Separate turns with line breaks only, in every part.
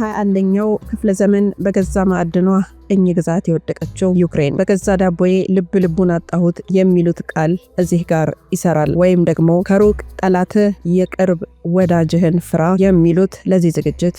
በ21ኛው ክፍለ ዘመን በገዛ ማዕድኗ ቅኝ ግዛት የወደቀችው ዩክሬን በገዛ ዳቦዬ ልብ ልቡን አጣሁት የሚሉት ቃል እዚህ ጋር ይሰራል። ወይም ደግሞ ከሩቅ ጠላት የቅርብ ወዳጅህን ፍራ የሚሉት ለዚህ ዝግጅት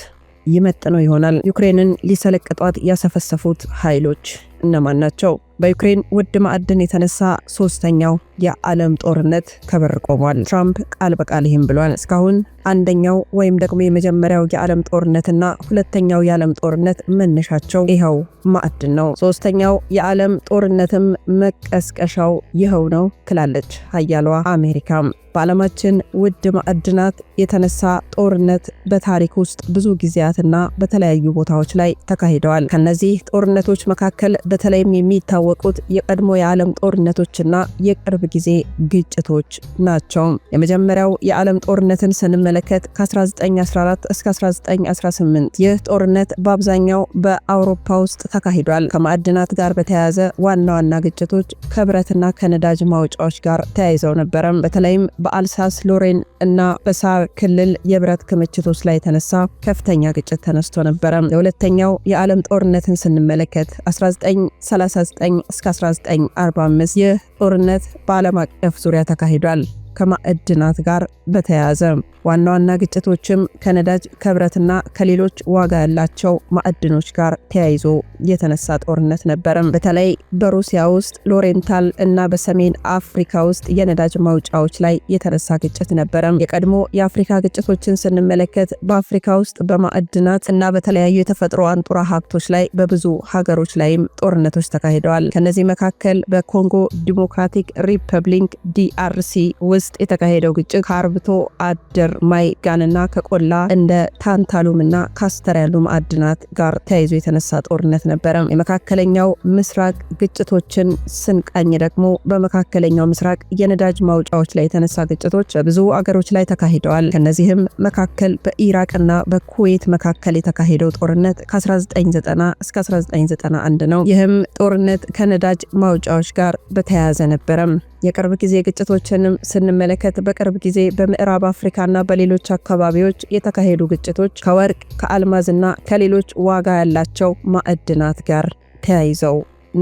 ይመጥነው ይሆናል። ዩክሬንን ሊሰለቅጧት ያሰፈሰፉት ኃይሎች እነማን ናቸው? በዩክሬን ውድ ማዕድን የተነሳ ሶስተኛው የዓለም ጦርነት ከበር ቆሟል። ትራምፕ ቃል በቃል ይህም ብሏል። እስካሁን አንደኛው ወይም ደግሞ የመጀመሪያው የዓለም ጦርነትና ሁለተኛው የዓለም ጦርነት መነሻቸው ይኸው ማዕድን ነው፣ ሶስተኛው የዓለም ጦርነትም መቀስቀሻው ይኸው ነው ትላለች ሀያሏ አሜሪካም። በዓለማችን ውድ ማዕድናት የተነሳ ጦርነት በታሪክ ውስጥ ብዙ ጊዜያትና በተለያዩ ቦታዎች ላይ ተካሂደዋል። ከነዚህ ጦርነቶች መካከል በተለይም የሚታወቁት የቀድሞ የዓለም ጦርነቶችና የቅርብ ጊዜ ግጭቶች ናቸው። የመጀመሪያው የዓለም ጦርነትን ስንመለከት ከ1914 እስከ 1918 ይህ ጦርነት በአብዛኛው በአውሮፓ ውስጥ ተካሂዷል። ከማዕድናት ጋር በተያያዘ ዋና ዋና ግጭቶች ከብረትና ከነዳጅ ማውጫዎች ጋር ተያይዘው ነበረም። በተለይም በአልሳስ ሎሬን እና በሳር ክልል የብረት ክምችቶች ላይ የተነሳ ከፍተኛ ግጭት ተነስቶ ነበረ። የሁለተኛው የዓለም ጦርነትን ስንመለከት 19 1939 እስከ 1945 ይህ ጦርነት በዓለም አቀፍ ዙሪያ ተካሂዷል። ከማዕድናት ጋር በተያያዘ ዋና ዋና ግጭቶችም ከነዳጅ ከብረትና ከሌሎች ዋጋ ያላቸው ማዕድኖች ጋር ተያይዞ የተነሳ ጦርነት ነበርም። በተለይ በሩሲያ ውስጥ ሎሬንታል እና በሰሜን አፍሪካ ውስጥ የነዳጅ ማውጫዎች ላይ የተነሳ ግጭት ነበረም። የቀድሞ የአፍሪካ ግጭቶችን ስንመለከት በአፍሪካ ውስጥ በማዕድናት እና በተለያዩ የተፈጥሮ አንጡራ ሀብቶች ላይ በብዙ ሀገሮች ላይም ጦርነቶች ተካሂደዋል። ከነዚህ መካከል በኮንጎ ዲሞክራቲክ ሪፐብሊክ ዲአርሲ ውስጥ ውስጥ የተካሄደው ግጭት ከአርብቶ አደር ማይጋንና ከቆላ እንደ ታንታሉምና ካስተር ያሉ ማዕድናት ጋር ተያይዞ የተነሳ ጦርነት ነበረ። የመካከለኛው ምስራቅ ግጭቶችን ስንቃኝ ደግሞ በመካከለኛው ምስራቅ የነዳጅ ማውጫዎች ላይ የተነሳ ግጭቶች በብዙ አገሮች ላይ ተካሂደዋል። ከነዚህም መካከል በኢራቅና በኩዌት መካከል የተካሄደው ጦርነት ከ1990 እስከ 1991 ነው። ይህም ጦርነት ከነዳጅ ማውጫዎች ጋር በተያያዘ ነበረም። የቅርብ ጊዜ ግጭቶችንም ስን ስንመለከት በቅርብ ጊዜ በምዕራብ አፍሪካና በሌሎች አካባቢዎች የተካሄዱ ግጭቶች ከወርቅ ከአልማዝና ከሌሎች ዋጋ ያላቸው ማዕድናት ጋር ተያይዘው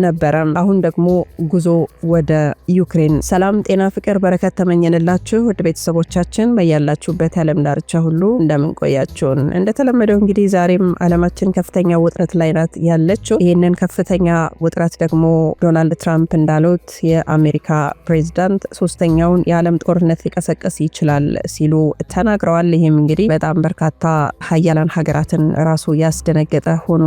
ነበረ። አሁን ደግሞ ጉዞ ወደ ዩክሬን። ሰላም፣ ጤና፣ ፍቅር፣ በረከት ተመኘንላችሁ ውድ ቤተሰቦቻችን በያላችሁበት የዓለም ዳርቻ ሁሉ እንደምንቆያችሁን። እንደተለመደው እንግዲህ ዛሬም አለማችን ከፍተኛ ውጥረት ላይ ናት ያለችው። ይህንን ከፍተኛ ውጥረት ደግሞ ዶናልድ ትራምፕ እንዳሉት የአሜሪካ ፕሬዚዳንት ሶስተኛውን የዓለም ጦርነት ሊቀሰቀስ ይችላል ሲሉ ተናግረዋል። ይህም እንግዲህ በጣም በርካታ ሀያላን ሀገራትን ራሱ ያስደነገጠ ሆኖ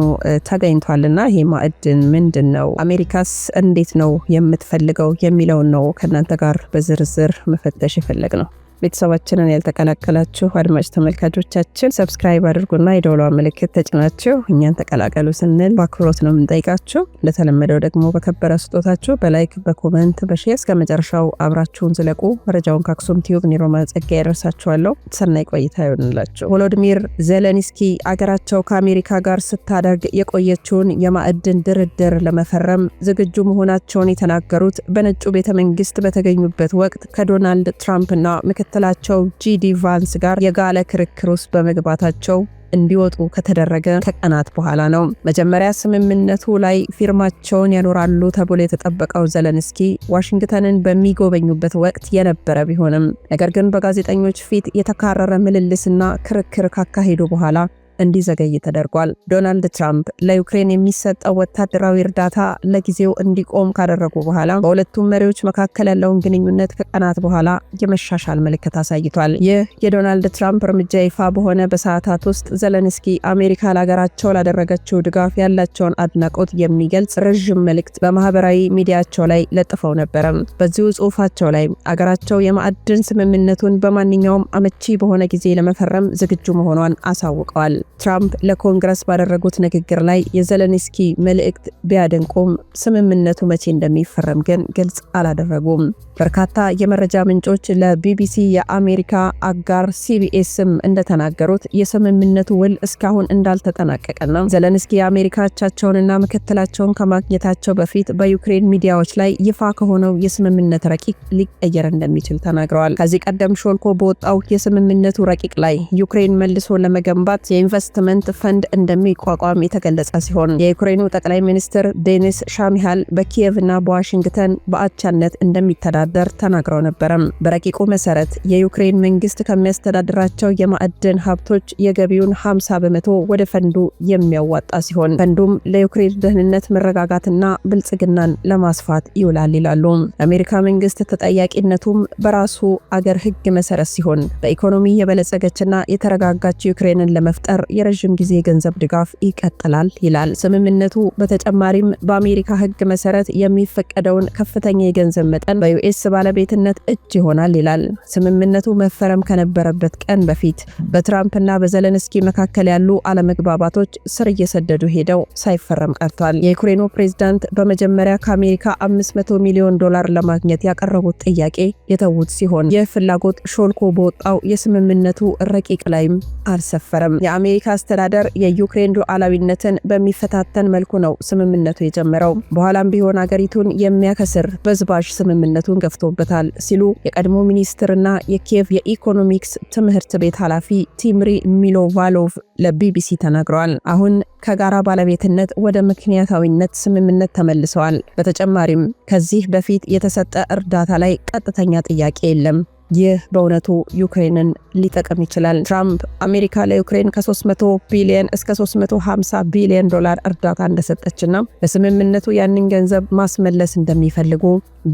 ተገኝቷልና ይህ ማዕድን ምንድን ነው? አሜሪካስ እንዴት ነው የምትፈልገው የሚለውን ነው ከእናንተ ጋር በዝርዝር መፈተሽ የፈለግ ነው። ቤተሰባችንን ያልተቀላቀላችሁ አድማጭ ተመልካቾቻችን ሰብስክራይብ አድርጉና የደወሏ ምልክት ተጭናችሁ እኛን ተቀላቀሉ ስንል በአክብሮት ነው የምንጠይቃችሁ። እንደተለመደው ደግሞ በከበረ ስጦታችሁ በላይክ በኮመንት በሼር እስከ መጨረሻው አብራችሁን ዝለቁ። መረጃውን ከአክሱም ቲዩብ ኒሮማ ጸጋ ያደርሳችኋለሁ። ሰናይ ቆይታ ይሆንላችሁ። ቮሎዲሚር ዜሌንስኪ አገራቸው ከአሜሪካ ጋር ስታደርግ የቆየችውን የማዕድን ድርድር ለመፈረም ዝግጁ መሆናቸውን የተናገሩት በነጩ ቤተ መንግስት በተገኙበት ወቅት ከዶናልድ ትራምፕና ምክ ከምክትላቸው ጂዲ ቫንስ ጋር የጋለ ክርክር ውስጥ በመግባታቸው እንዲወጡ ከተደረገ ከቀናት በኋላ ነው። መጀመሪያ ስምምነቱ ላይ ፊርማቸውን ያኖራሉ ተብሎ የተጠበቀው ዘለንስኪ ዋሽንግተንን በሚጎበኙበት ወቅት የነበረ ቢሆንም ነገር ግን በጋዜጠኞች ፊት የተካረረ ምልልስና ክርክር ካካሄዱ በኋላ እንዲዘገይ ተደርጓል። ዶናልድ ትራምፕ ለዩክሬን የሚሰጠው ወታደራዊ እርዳታ ለጊዜው እንዲቆም ካደረጉ በኋላ በሁለቱም መሪዎች መካከል ያለውን ግንኙነት ከቀናት በኋላ የመሻሻል ምልክት አሳይቷል። ይህ የዶናልድ ትራምፕ እርምጃ ይፋ በሆነ በሰዓታት ውስጥ ዘለንስኪ አሜሪካ ለሀገራቸው ላደረገችው ድጋፍ ያላቸውን አድናቆት የሚገልጽ ረዥም መልእክት በማህበራዊ ሚዲያቸው ላይ ለጥፈው ነበረም። በዚሁ ጽሁፋቸው ላይ አገራቸው የማዕድን ስምምነቱን በማንኛውም አመቺ በሆነ ጊዜ ለመፈረም ዝግጁ መሆኗን አሳውቀዋል። ትራምፕ ለኮንግረስ ባደረጉት ንግግር ላይ የዘለንስኪ መልእክት ቢያደንቁም ስምምነቱ መቼ እንደሚፈረም ግን ግልጽ አላደረጉም። በርካታ የመረጃ ምንጮች ለቢቢሲ የአሜሪካ አጋር ሲቢኤስም እንደተናገሩት የስምምነቱ ውል እስካሁን እንዳልተጠናቀቀና ዘለንስኪ የአሜሪካ አቻቸውንና ምክትላቸውን ከማግኘታቸው በፊት በዩክሬን ሚዲያዎች ላይ ይፋ ከሆነው የስምምነት ረቂቅ ሊቀየር እንደሚችል ተናግረዋል። ከዚህ ቀደም ሾልኮ በወጣው የስምምነቱ ረቂቅ ላይ ዩክሬን መልሶ ለመገንባት ኢንቨስትመንት ፈንድ እንደሚቋቋም የተገለጸ ሲሆን የዩክሬኑ ጠቅላይ ሚኒስትር ዴኒስ ሻሚሃል በኪየቭ እና በዋሽንግተን በአቻነት እንደሚተዳደር ተናግረው ነበረም። በረቂቁ መሰረት የዩክሬን መንግስት ከሚያስተዳድራቸው የማዕድን ሀብቶች የገቢውን 50 በመቶ ወደ ፈንዱ የሚያዋጣ ሲሆን ፈንዱም ለዩክሬን ደህንነት መረጋጋትና ብልጽግናን ለማስፋት ይውላል ይላሉ። የአሜሪካ መንግስት ተጠያቂነቱም በራሱ አገር ህግ መሰረት ሲሆን በኢኮኖሚ የበለጸገችና የተረጋጋች ዩክሬንን ለመፍጠር የረዥም ጊዜ የገንዘብ ድጋፍ ይቀጥላል ይላል ስምምነቱ። በተጨማሪም በአሜሪካ ሕግ መሰረት የሚፈቀደውን ከፍተኛ የገንዘብ መጠን በዩኤስ ባለቤትነት እጅ ይሆናል ይላል። ስምምነቱ መፈረም ከነበረበት ቀን በፊት በትራምፕና በዘለንስኪ መካከል ያሉ አለመግባባቶች ስር እየሰደዱ ሄደው ሳይፈረም ቀርቷል። የዩክሬኑ ፕሬዝዳንት በመጀመሪያ ከአሜሪካ 500 ሚሊዮን ዶላር ለማግኘት ያቀረቡት ጥያቄ የተዉት ሲሆን ይህ ፍላጎት ሾልኮ በወጣው የስምምነቱ ረቂቅ ላይም አልሰፈረም። የአሜሪካ አስተዳደር የዩክሬን ሉዓላዊነትን በሚፈታተን መልኩ ነው ስምምነቱ የጀመረው። በኋላም ቢሆን አገሪቱን የሚያከስር በዝባዥ ስምምነቱን ገፍቶበታል ሲሉ የቀድሞ ሚኒስትርና የኪየቭ የኢኮኖሚክስ ትምህርት ቤት ኃላፊ ቲምሪ ሚሎቫሎቭ ለቢቢሲ ተናግረዋል። አሁን ከጋራ ባለቤትነት ወደ ምክንያታዊነት ስምምነት ተመልሰዋል። በተጨማሪም ከዚህ በፊት የተሰጠ እርዳታ ላይ ቀጥተኛ ጥያቄ የለም። ይህ በእውነቱ ዩክሬንን ሊጠቅም ይችላል። ትራምፕ አሜሪካ ለዩክሬን ከ300 ቢሊዮን እስከ 350 ቢሊዮን ዶላር እርዳታ እንደሰጠችና በስምምነቱ ያንን ገንዘብ ማስመለስ እንደሚፈልጉ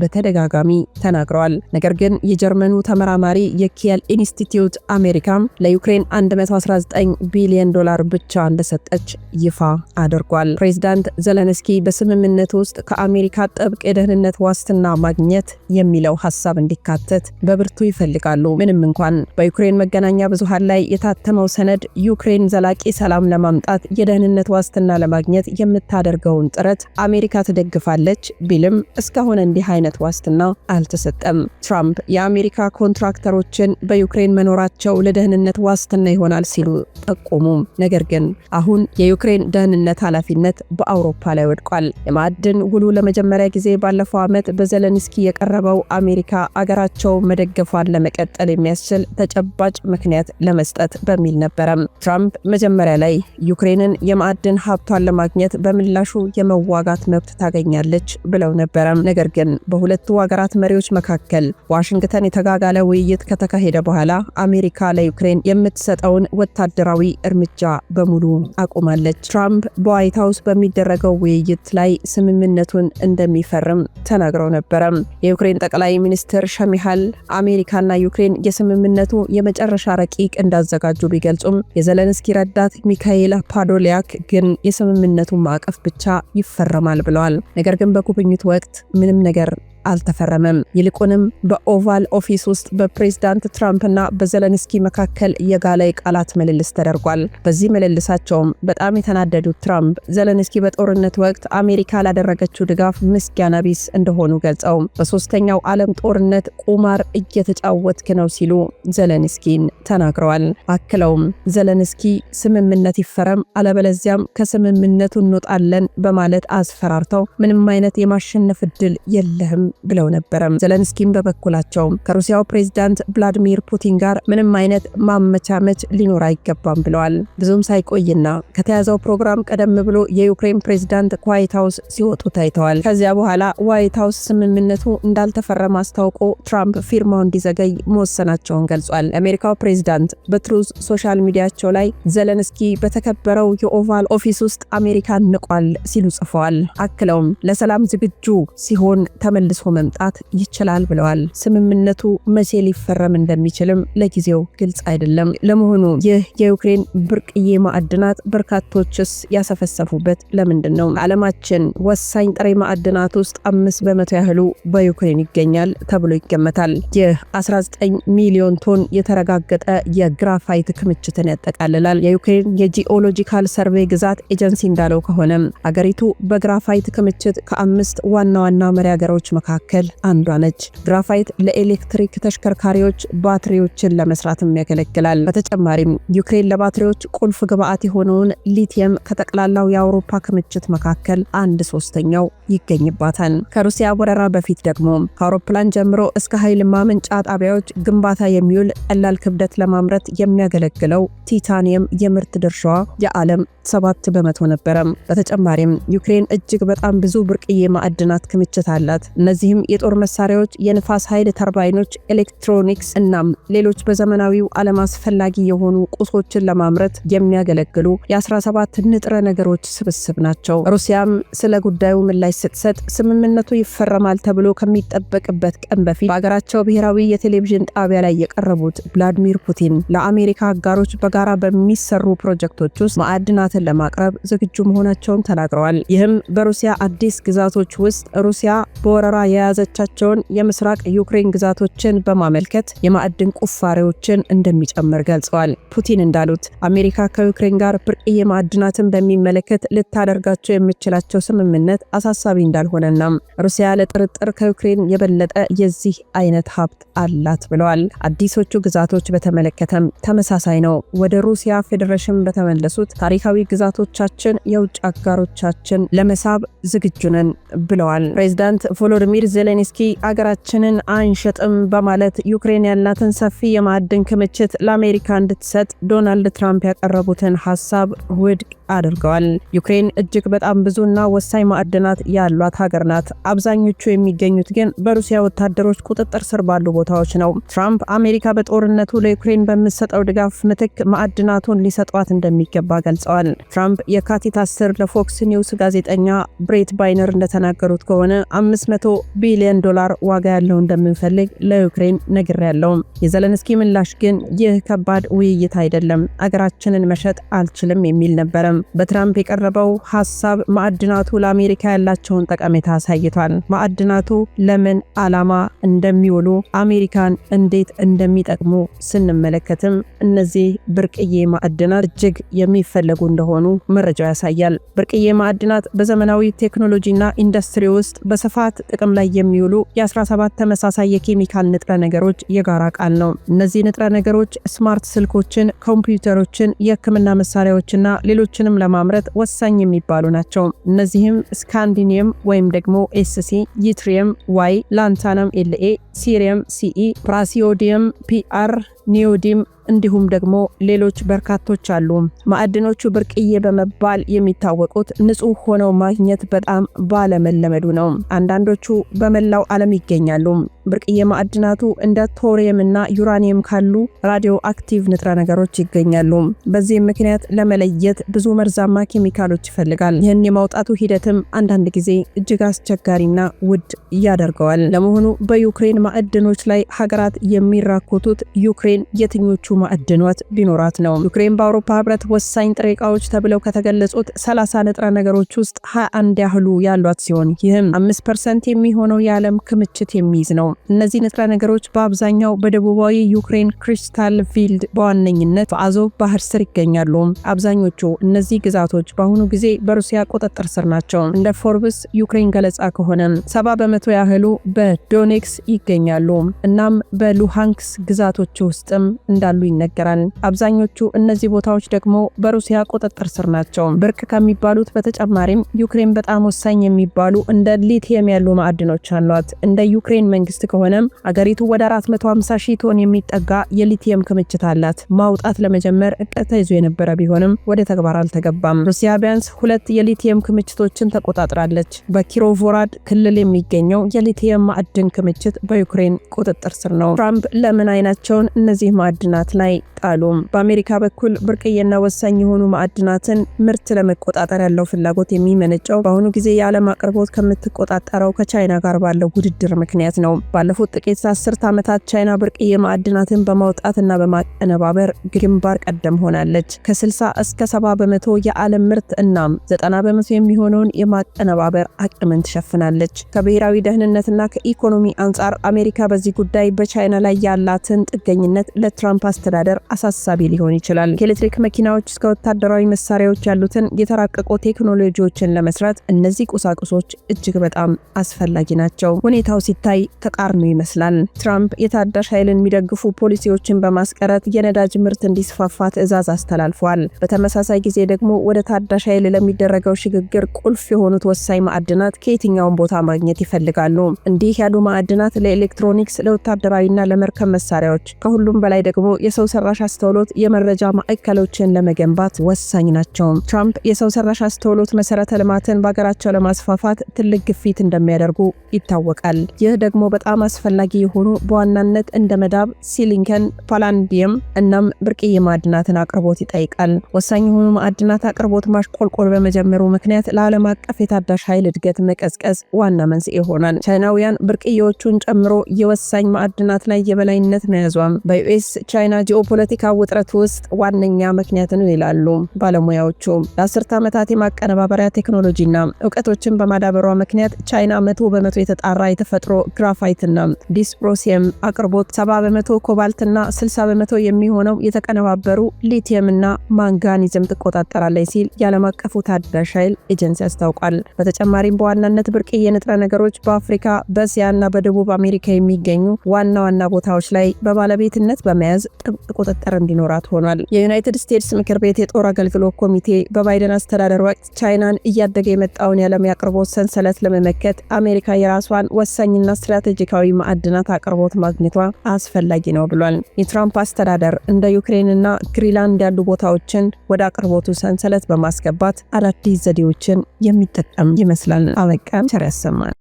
በተደጋጋሚ ተናግረዋል። ነገር ግን የጀርመኑ ተመራማሪ የኪየል ኢንስቲትዩት አሜሪካ ለዩክሬን 119 ቢሊዮን ዶላር ብቻ እንደሰጠች ይፋ አድርጓል። ፕሬዚዳንት ዘለንስኪ በስምምነቱ ውስጥ ከአሜሪካ ጥብቅ የደህንነት ዋስትና ማግኘት የሚለው ሀሳብ እንዲካተት በብርቱ ይፈልጋሉ። ምንም እንኳን በዩክሬን መገናኛ ብዙሃን ላይ የታተመው ሰነድ ዩክሬን ዘላቂ ሰላም ለማምጣት የደህንነት ዋስትና ለማግኘት የምታደርገውን ጥረት አሜሪካ ትደግፋለች ቢልም እስካሁን እንዲህ አይነት ዋስትና አልተሰጠም። ትራምፕ የአሜሪካ ኮንትራክተሮችን በዩክሬን መኖራቸው ለደህንነት ዋስትና ይሆናል ሲሉ ጠቆሙ። ነገር ግን አሁን የዩክሬን ደህንነት ኃላፊነት በአውሮፓ ላይ ወድቋል። የማዕድን ውሉ ለመጀመሪያ ጊዜ ባለፈው ዓመት በዘለንስኪ የቀረበው አሜሪካ አገራቸው መደገፍ ጽንፈቷን ለመቀጠል የሚያስችል ተጨባጭ ምክንያት ለመስጠት በሚል ነበረም። ትራምፕ መጀመሪያ ላይ ዩክሬንን የማዕድን ሀብቷን ለማግኘት በምላሹ የመዋጋት መብት ታገኛለች ብለው ነበረም። ነገር ግን በሁለቱ ሀገራት መሪዎች መካከል ዋሽንግተን የተጋጋለ ውይይት ከተካሄደ በኋላ አሜሪካ ለዩክሬን የምትሰጠውን ወታደራዊ እርምጃ በሙሉ አቁማለች። ትራምፕ በዋይት ሀውስ በሚደረገው ውይይት ላይ ስምምነቱን እንደሚፈርም ተናግረው ነበረም። የዩክሬን ጠቅላይ ሚኒስትር ሸሚሃል አሜሪ አሜሪካና ዩክሬን የስምምነቱ የመጨረሻ ረቂቅ እንዳዘጋጁ ቢገልጹም የዘለንስኪ ረዳት ሚካኤል ፓዶሊያክ ግን የስምምነቱ ማዕቀፍ ብቻ ይፈረማል ብለዋል። ነገር ግን በጉብኝቱ ወቅት ምንም ነገር አልተፈረመም። ይልቁንም በኦቫል ኦፊስ ውስጥ በፕሬዝዳንት ትራምፕና በዘለንስኪ መካከል የጋለ የቃላት ምልልስ ተደርጓል። በዚህ ምልልሳቸውም በጣም የተናደዱት ትራምፕ ዘለንስኪ በጦርነት ወቅት አሜሪካ ላደረገችው ድጋፍ ምስጋና ቢስ እንደሆኑ ገልጸው በሶስተኛው ዓለም ጦርነት ቁማር እየተጫወትክ ነው ሲሉ ዘለንስኪን ተናግረዋል። አክለውም ዘለንስኪ ስምምነት ይፈረም አለበለዚያም ከስምምነቱ እንወጣለን በማለት አስፈራርተው ምንም አይነት የማሸነፍ እድል የለህም ብለው ነበረ። ዘለንስኪም በበኩላቸው ከሩሲያው ፕሬዚዳንት ቭላዲሚር ፑቲን ጋር ምንም አይነት ማመቻመች ሊኖር አይገባም ብለዋል። ብዙም ሳይቆይና ከተያዘው ፕሮግራም ቀደም ብሎ የዩክሬን ፕሬዚዳንት ከዋይት ሀውስ ሲወጡ ታይተዋል። ከዚያ በኋላ ዋይት ሀውስ ስምምነቱ እንዳልተፈረመ አስታውቆ ትራምፕ ፊርማው እንዲዘገይ መወሰናቸውን ገልጿል። የአሜሪካው ፕሬዚዳንት በትሩዝ ሶሻል ሚዲያቸው ላይ ዘለንስኪ በተከበረው የኦቫል ኦፊስ ውስጥ አሜሪካን ንቋል ሲሉ ጽፈዋል። አክለውም ለሰላም ዝግጁ ሲሆን ተመልሶ ተመልሶ መምጣት ይችላል ብለዋል። ስምምነቱ መቼ ሊፈረም እንደሚችልም ለጊዜው ግልጽ አይደለም። ለመሆኑ ይህ የዩክሬን ብርቅዬ ማዕድናት በርካቶችስ ያሰፈሰፉበት ለምንድን ነው? ዓለማችን ወሳኝ ጥሬ ማዕድናት ውስጥ አምስት በመቶ ያህሉ በዩክሬን ይገኛል ተብሎ ይገመታል። ይህ 19 ሚሊዮን ቶን የተረጋገጠ የግራፋይት ክምችትን ያጠቃልላል። የዩክሬን የጂኦሎጂካል ሰርቬ ግዛት ኤጀንሲ እንዳለው ከሆነ አገሪቱ በግራፋይት ክምችት ከአምስት ዋና ዋና መሪ ሀገሮች መካከል መካከል አንዷ ነች። ግራፋይት ለኤሌክትሪክ ተሽከርካሪዎች ባትሪዎችን ለመስራትም ያገለግላል። በተጨማሪም ዩክሬን ለባትሪዎች ቁልፍ ግብዓት የሆነውን ሊቲየም ከጠቅላላው የአውሮፓ ክምችት መካከል አንድ ሶስተኛው ይገኝባታል። ከሩሲያ ወረራ በፊት ደግሞ ከአውሮፕላን ጀምሮ እስከ ኃይል ማመንጫ ጣቢያዎች ግንባታ የሚውል ቀላል ክብደት ለማምረት የሚያገለግለው ቲታኒየም የምርት ድርሻዋ የዓለም ሰባት በመቶ ነበረ። በተጨማሪም ዩክሬን እጅግ በጣም ብዙ ብርቅዬ ማዕድናት ክምችት አላት። እነዚህም የጦር መሳሪያዎች፣ የንፋስ ኃይል ተርባይኖች፣ ኤሌክትሮኒክስ እናም ሌሎች በዘመናዊው ዓለም አስፈላጊ የሆኑ ቁሶችን ለማምረት የሚያገለግሉ የ17 ንጥረ ነገሮች ስብስብ ናቸው። ሩሲያም ስለ ጉዳዩ ምላሽ ስትሰጥ ስምምነቱ ይፈረማል ተብሎ ከሚጠበቅበት ቀን በፊት በሀገራቸው ብሔራዊ የቴሌቪዥን ጣቢያ ላይ የቀረቡት ቭላዲሚር ፑቲን ለአሜሪካ አጋሮች በጋራ በሚሰሩ ፕሮጀክቶች ውስጥ ማዕድናትን ለማቅረብ ዝግጁ መሆናቸውን ተናግረዋል። ይህም በሩሲያ አዲስ ግዛቶች ውስጥ ሩሲያ በወረራ የያዘቻቸውን የምስራቅ ዩክሬን ግዛቶችን በማመልከት የማዕድን ቁፋሬዎችን እንደሚጨምር ገልጸዋል። ፑቲን እንዳሉት አሜሪካ ከዩክሬን ጋር ብርቅዬ ማዕድናትን በሚመለከት ልታደርጋቸው የምችላቸው ስምምነት አሳሳቢ እንዳልሆነና ሩሲያ ለጥርጥር ከዩክሬን የበለጠ የዚህ አይነት ሀብት አላት ብለዋል። አዲሶቹ ግዛቶች በተመለከተም ተመሳሳይ ነው። ወደ ሩሲያ ፌዴሬሽን በተመለሱት ታሪካዊ ግዛቶቻችን የውጭ አጋሮቻችን ለመሳብ ዝግጁ ነን ብለዋል። ፕሬዚዳንት ቮሎዲሚር ቮሎዲሚር ዜሌንስኪ አገራችንን አንሸጥም በማለት ዩክሬን ያላትን ሰፊ የማዕድን ክምችት ለአሜሪካ እንድትሰጥ ዶናልድ ትራምፕ ያቀረቡትን ሀሳብ ውድቅ አድርገዋል። ዩክሬን እጅግ በጣም ብዙና ወሳኝ ማዕድናት ያሏት ሀገር ናት። አብዛኞቹ የሚገኙት ግን በሩሲያ ወታደሮች ቁጥጥር ስር ባሉ ቦታዎች ነው። ትራምፕ አሜሪካ በጦርነቱ ለዩክሬን በምትሰጠው ድጋፍ ምትክ ማዕድናቱን ሊሰጧት እንደሚገባ ገልጸዋል። ትራምፕ የካቲት አስር ለፎክስ ኒውስ ጋዜጠኛ ብሬት ባይነር እንደተናገሩት ከሆነ 500 ቢሊዮን ዶላር ዋጋ ያለው እንደምንፈልግ ለዩክሬን ነግሬያለሁ። የዘለንስኪ ምላሽ ግን ይህ ከባድ ውይይት አይደለም፣ አገራችንን መሸጥ አልችልም የሚል ነበረም። በትራምፕ የቀረበው ሀሳብ ማዕድናቱ ለአሜሪካ ያላቸውን ጠቀሜታ አሳይቷል። ማዕድናቱ ለምን ዓላማ እንደሚውሉ አሜሪካን እንዴት እንደሚጠቅሙ ስንመለከትም እነዚህ ብርቅዬ ማዕድናት እጅግ የሚፈለጉ እንደሆኑ መረጃው ያሳያል። ብርቅዬ ማዕድናት በዘመናዊ ቴክኖሎጂና ኢንዱስትሪ ውስጥ በስፋት ጥቅም ላይ የሚውሉ የ17 ተመሳሳይ የኬሚካል ንጥረ ነገሮች የጋራ ቃል ነው። እነዚህ ንጥረ ነገሮች ስማርት ስልኮችን፣ ኮምፒውተሮችን፣ የህክምና መሳሪያዎችና ሌሎችን ሌዘርንም ለማምረት ወሳኝ የሚባሉ ናቸው። እነዚህም ስካንዲኒየም ወይም ደግሞ ኤስሲ፣ ዩትሪየም ዋይ፣ ላንታነም ኤልኤ፣ ሲሪየም ሲኢ፣ ፕራሲዮዲየም ፒአር ኒዮዲም እንዲሁም ደግሞ ሌሎች በርካቶች አሉ። ማዕድኖቹ ብርቅዬ በመባል የሚታወቁት ንጹህ ሆነው ማግኘት በጣም ባለመለመዱ ነው። አንዳንዶቹ በመላው ዓለም ይገኛሉ። ብርቅዬ ማዕድናቱ እንደ ቶሪየም እና ዩራኒየም ካሉ ራዲዮ አክቲቭ ንጥረ ነገሮች ይገኛሉ። በዚህም ምክንያት ለመለየት ብዙ መርዛማ ኬሚካሎች ይፈልጋል። ይህን የማውጣቱ ሂደትም አንዳንድ ጊዜ እጅግ አስቸጋሪና ውድ ያደርገዋል። ለመሆኑ በዩክሬን ማዕድኖች ላይ ሀገራት የሚራኮቱት ዩክሬን ዩክሬን የትኞቹ ማዕድኗት ቢኖራት ነው? ዩክሬን በአውሮፓ ህብረት ወሳኝ ጥሬ እቃዎች ተብለው ከተገለጹት 30 ንጥረ ነገሮች ውስጥ 21 ያህሉ ያሏት ሲሆን ይህም 5 ፐርሰንት የሚሆነው የዓለም ክምችት የሚይዝ ነው። እነዚህ ንጥረ ነገሮች በአብዛኛው በደቡባዊ ዩክሬን ክሪስታል ፊልድ በዋነኝነት በአዞ ባህር ስር ይገኛሉ። አብዛኞቹ እነዚህ ግዛቶች በአሁኑ ጊዜ በሩሲያ ቁጥጥር ስር ናቸው። እንደ ፎርብስ ዩክሬን ገለጻ ከሆነ 70 በመቶ ያህሉ በዶኔክስ ይገኛሉ እናም በሉሃንክስ ግዛቶች ውስጥ ውስጥም እንዳሉ ይነገራል። አብዛኞቹ እነዚህ ቦታዎች ደግሞ በሩሲያ ቁጥጥር ስር ናቸው። ብርቅ ከሚባሉት በተጨማሪም ዩክሬን በጣም ወሳኝ የሚባሉ እንደ ሊቲየም ያሉ ማዕድኖች አሏት። እንደ ዩክሬን መንግስት ከሆነም አገሪቱ ወደ 450 ሺህ ቶን የሚጠጋ የሊቲየም ክምችት አላት። ማውጣት ለመጀመር እቅድ ተይዞ የነበረ ቢሆንም ወደ ተግባር አልተገባም። ሩሲያ ቢያንስ ሁለት የሊቲየም ክምችቶችን ተቆጣጥራለች። በኪሮቮራድ ክልል የሚገኘው የሊቲየም ማዕድን ክምችት በዩክሬን ቁጥጥር ስር ነው። ትራምፕ ለምን አይናቸውን በእነዚህ ማዕድናት ላይ ጣሉም። በአሜሪካ በኩል ብርቅዬና ወሳኝ የሆኑ ማዕድናትን ምርት ለመቆጣጠር ያለው ፍላጎት የሚመነጨው በአሁኑ ጊዜ የዓለም አቅርቦት ከምትቆጣጠረው ከቻይና ጋር ባለው ውድድር ምክንያት ነው። ባለፉት ጥቂት አስርት ዓመታት ቻይና ብርቅዬ ማዕድናትን በማውጣትና በማቀነባበር ግንባር ቀደም ሆናለች። ከ60 እስከ 70 በመቶ የዓለም ምርት እናም 90 በመቶ የሚሆነውን የማቀነባበር አቅምን ትሸፍናለች። ከብሔራዊ ደህንነትና ከኢኮኖሚ አንጻር አሜሪካ በዚህ ጉዳይ በቻይና ላይ ያላትን ጥገኝነት ደህንነት ለትራምፕ አስተዳደር አሳሳቢ ሊሆን ይችላል። ከኤሌክትሪክ መኪናዎች እስከ ወታደራዊ መሳሪያዎች ያሉትን የተራቀቁ ቴክኖሎጂዎችን ለመስራት እነዚህ ቁሳቁሶች እጅግ በጣም አስፈላጊ ናቸው። ሁኔታው ሲታይ ተቃርኖ ይመስላል። ትራምፕ የታዳሽ ኃይልን የሚደግፉ ፖሊሲዎችን በማስቀረት የነዳጅ ምርት እንዲስፋፋ ትዕዛዝ አስተላልፏል። በተመሳሳይ ጊዜ ደግሞ ወደ ታዳሽ ኃይል ለሚደረገው ሽግግር ቁልፍ የሆኑት ወሳኝ ማዕድናት ከየትኛውም ቦታ ማግኘት ይፈልጋሉ። እንዲህ ያሉ ማዕድናት ለኤሌክትሮኒክስ፣ ለወታደራዊና ለመርከብ መሳሪያዎች ከሁሉ ከሁሉም በላይ ደግሞ የሰው ሰራሽ አስተውሎት የመረጃ ማዕከሎችን ለመገንባት ወሳኝ ናቸው። ትራምፕ የሰው ሰራሽ አስተውሎት መሰረተ ልማትን በሀገራቸው ለማስፋፋት ትልቅ ግፊት እንደሚያደርጉ ይታወቃል። ይህ ደግሞ በጣም አስፈላጊ የሆኑ በዋናነት እንደ መዳብ፣ ሲሊንከን፣ ፓላንዲየም እናም ብርቅዬ ማዕድናትን አቅርቦት ይጠይቃል። ወሳኝ የሆኑ ማዕድናት አቅርቦት ማሽቆልቆል በመጀመሩ ምክንያት ለዓለም አቀፍ የታዳሽ ኃይል እድገት መቀዝቀዝ ዋና መንስኤ ይሆናል። ቻይናውያን ብርቅዬዎቹን ጨምሮ የወሳኝ ማዕድናት ላይ የበላይነት መያዟም በዩኤስ ቻይና ጂኦፖለቲካ ውጥረት ውስጥ ዋነኛ ምክንያት ነው ይላሉ ባለሙያዎቹ። ለአስርተ ዓመታት የማቀነባበሪያ ቴክኖሎጂና እውቀቶችን በማዳበሯ ምክንያት ቻይና መቶ በመቶ የተጣራ የተፈጥሮ ግራፋይትና ዲስፕሮሲየም አቅርቦት፣ ሰ7 በመቶ ኮባልትና 60 በመቶ የሚሆነው የተቀነባበሩ ሊቲየምና ማንጋኒዝም ትቆጣጠራለች ሲል የዓለም አቀፉ ታዳሽ ኃይል ኤጀንሲ አስታውቋል። በተጨማሪም በዋናነት ብርቅዬ ንጥረ ነገሮች በአፍሪካ በእስያና በደቡብ አሜሪካ የሚገኙ ዋና ዋና ቦታዎች ላይ በባለቤትነት በዋናነት በመያዝ ጥብቅ ቁጥጥር እንዲኖራት ሆኗል። የዩናይትድ ስቴትስ ምክር ቤት የጦር አገልግሎት ኮሚቴ በባይደን አስተዳደር ወቅት ቻይናን እያደገ የመጣውን የዓለም የአቅርቦት ሰንሰለት ለመመከት አሜሪካ የራሷን ወሳኝና ስትራቴጂካዊ ማዕድናት አቅርቦት ማግኘቷ አስፈላጊ ነው ብሏል። የትራምፕ አስተዳደር እንደ ዩክሬንና ግሪንላንድ ያሉ ቦታዎችን ወደ አቅርቦቱ ሰንሰለት በማስገባት አዳዲስ ዘዴዎችን የሚጠቀም ይመስላል። አበቃ። ቸር ያሰማል።